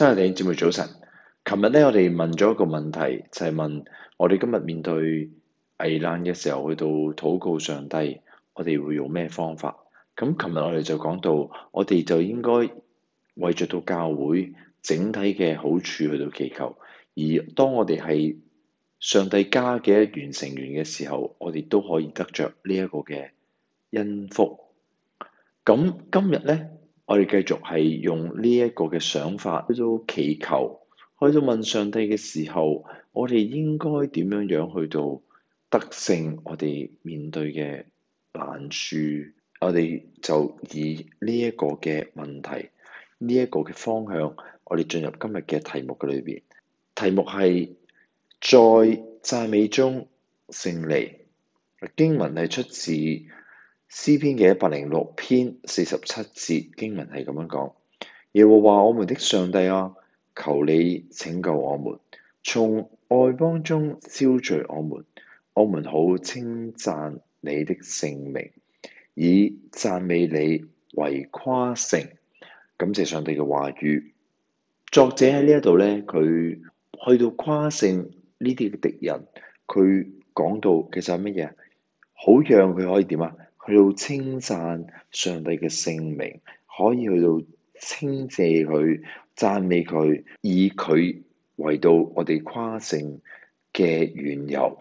真係，弟兄姊妹早晨。琴日咧，我哋問咗一個問題，就係、是、問我哋今日面對危難嘅時候，去到禱告上帝，我哋會用咩方法？咁琴日我哋就講到，我哋就應該為着到教會整體嘅好處去到祈求。而當我哋係上帝家嘅一員成員嘅時候，我哋都可以得着呢一個嘅恩福。咁今日咧？我哋繼續係用呢一個嘅想法去到祈求，去到問上帝嘅時候，我哋應該點樣樣去到得勝我哋面對嘅難處？我哋就以呢一個嘅問題，呢一個嘅方向，我哋進入今日嘅題目嘅裏邊。題目係在讚美中勝利。經文係出自。詩篇嘅一百零六篇四十七節經文係咁樣講：耶和華我們的上帝啊，求你拯救我們，從外邦中招聚我們，我們好稱讚你的聖名，以讚美你為誇勝。感謝上帝嘅話語。作者喺呢一度咧，佢去到誇勝呢啲嘅敵人，佢講到其實係乜嘢啊？好讓佢可以點啊？去到稱讚上帝嘅聖名，可以去到稱謝佢、讚美佢，以佢為到我哋誇勝嘅緣由。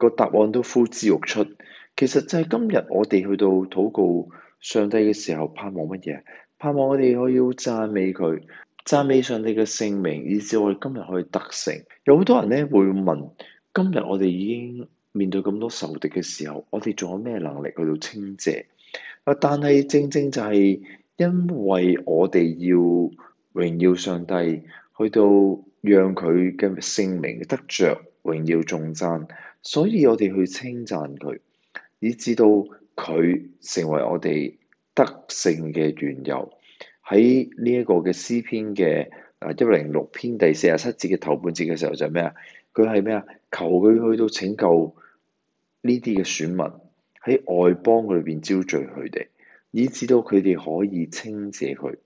那個答案都呼之欲出。其實就係今日我哋去到禱告上帝嘅時候，盼望乜嘢？盼望我哋可以讚美佢，讚美上帝嘅聖名，以至我哋今日可以得勝。有好多人咧會問：今日我哋已經？面對咁多仇敵嘅時候，我哋仲有咩能力去到清謝？啊！但係正正就係因為我哋要榮耀上帝，去到讓佢嘅聖名得着榮耀頌讚，所以我哋去稱讚佢，以至到佢成為我哋得勝嘅緣由。喺呢一個嘅詩篇嘅啊一零六篇第四十七節嘅頭半節嘅時候就係咩啊？佢係咩啊？求佢去到拯救。呢啲嘅選民喺外邦裏邊招聚佢哋，以至到佢哋可以稱謝佢。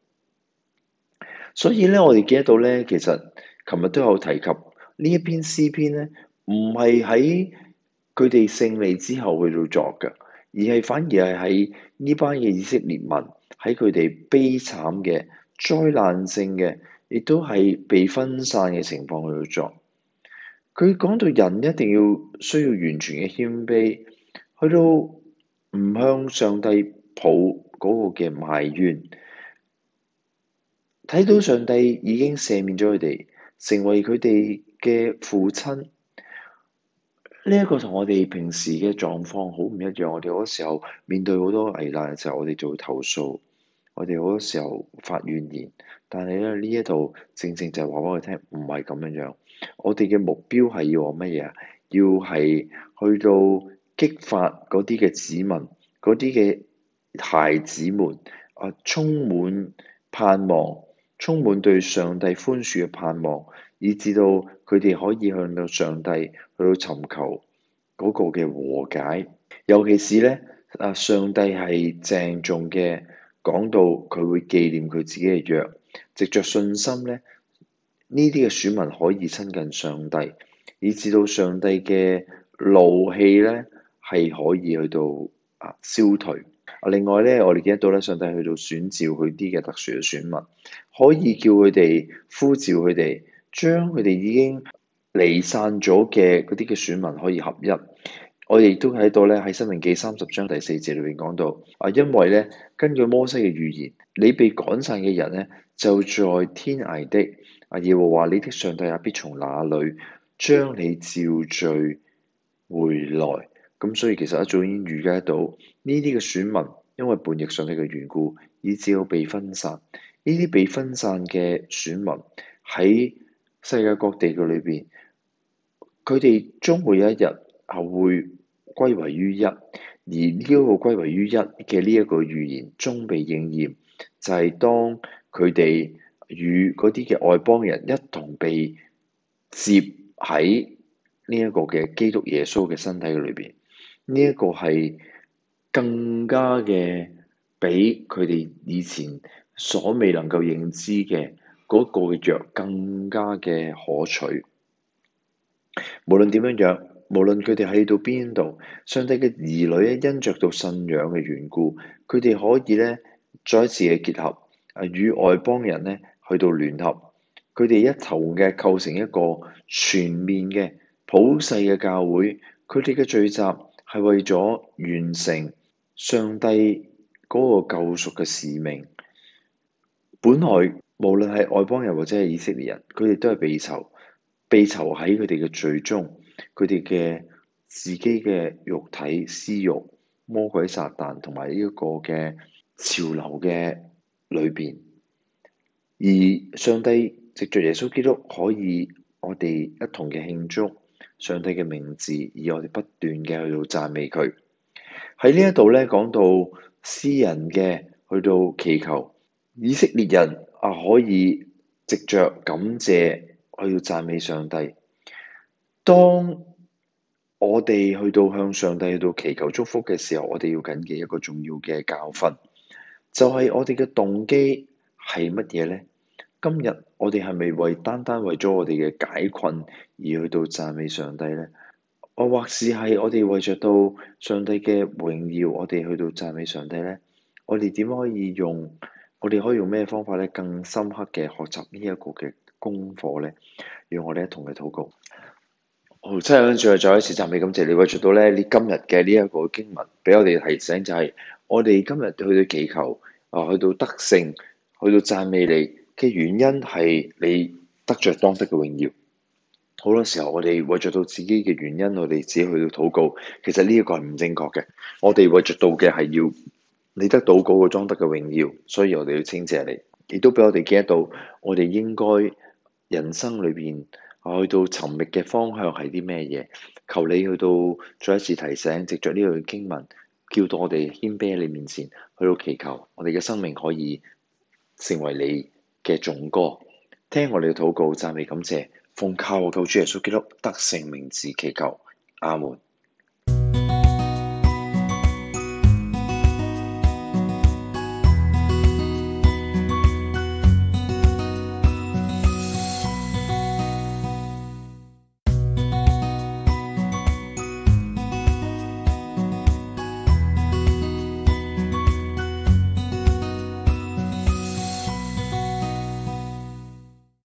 所以咧，我哋記得到咧，其實琴日都有提及篇篇呢一篇詩篇咧，唔係喺佢哋勝利之後去度作嘅，而係反而係喺呢班嘅以色列民喺佢哋悲慘嘅災難性嘅，亦都係被分散嘅情況去度作。佢講到人一定要需要完全嘅謙卑，去到唔向上帝抱嗰個嘅埋怨，睇到上帝已經赦免咗佢哋，成為佢哋嘅父親。呢一個同我哋平時嘅狀況好唔一樣。我哋好多時候面對好多危難嘅時候，我哋就會投訴，我哋好多時候發怨言。但係咧，呢一度正正就係話俾佢聽，唔係咁樣樣。我哋嘅目標係要乜嘢？要係去到激發嗰啲嘅子民，嗰啲嘅孩子們啊，充滿盼望，充滿對上帝寬恕嘅盼望，以致到佢哋可以向到上帝去到尋求嗰個嘅和解。尤其是咧，啊，上帝係鄭重嘅講到，佢會紀念佢自己嘅約，藉着信心咧。呢啲嘅選民可以親近上帝，以至到上帝嘅怒氣咧係可以去到啊消退。另外咧，我哋記得到咧，上帝去到選召佢啲嘅特殊嘅選民，可以叫佢哋呼召佢哋，將佢哋已經離散咗嘅嗰啲嘅選民可以合一。我哋亦都喺度咧，喺申命記三十章第四節裏邊講到啊，因為咧，根據摩西嘅預言，你被趕散嘅人咧，就在天涯的啊耶和華你的上帝也、啊、必從那裡將你召聚回來。咁所以其實一早已預計到呢啲嘅選民，因為叛逆上帝嘅緣故，以至有被分散。呢啲被分散嘅選民喺世界各地嘅裏邊，佢哋將有一日啊會。歸為於一，而呢一個歸為於一嘅呢一個預言終被應驗，就係、是、當佢哋與嗰啲嘅外邦人一同被接喺呢一個嘅基督耶穌嘅身體嘅裏邊，呢、這、一個係更加嘅比佢哋以前所未能夠認知嘅嗰個嘅約更加嘅可取，無論點樣樣。無論佢哋去到邊度，上帝嘅兒女咧，因着到信仰嘅緣故，佢哋可以咧再一次嘅結合，啊，與外邦人咧去到聯合，佢哋一頭嘅構成一個全面嘅普世嘅教會，佢哋嘅聚集係為咗完成上帝嗰個救贖嘅使命。本來無論係外邦人或者係以色列人，佢哋都係被囚，被囚喺佢哋嘅罪中。佢哋嘅自己嘅肉體私欲、魔鬼撒旦同埋呢一個嘅潮流嘅裏邊，而上帝藉著耶穌基督可以我哋一同嘅慶祝上帝嘅名字，而我哋不斷嘅去到讚美佢。喺呢一度咧，講到私人嘅去到祈求以色列人啊，可以藉着感謝去到讚美上帝。當我哋去到向上帝去到祈求祝福嘅時候，我哋要緊記一個重要嘅教訓，就係、是、我哋嘅動機係乜嘢呢？今日我哋係咪為單單為咗我哋嘅解困而去到讚美，美上帝呢？我或是係我哋為著到上帝嘅榮耀，我哋去到讚美上帝呢？我哋點可以用？我哋可以用咩方法咧？更深刻嘅學習呢一個嘅功課呢？讓我哋一同佢禱告。好，真係跟住再一次讚美感謝你，為着到咧，你今日嘅呢一個經文，俾我哋提醒就係、是，我哋今日去到祈求，啊，去到得勝，去到讚美你嘅原因係你得着當得嘅榮耀。好多時候我哋為着到自己嘅原因，我哋只去到禱告，其實呢一個係唔正確嘅。我哋為着到嘅係要你得到嗰個莊得嘅榮耀，所以我哋要稱謝你，亦都俾我哋 get 到，我哋應該人生裏邊。我去到尋覓嘅方向係啲咩嘢？求你去到再一次提醒，藉着呢句經文，叫到我哋謙卑喺你面前，去到祈求，我哋嘅生命可以成為你嘅頌歌，聽我哋嘅禱告，讚美感謝，奉靠我救主耶穌基督得勝名字祈求，阿門。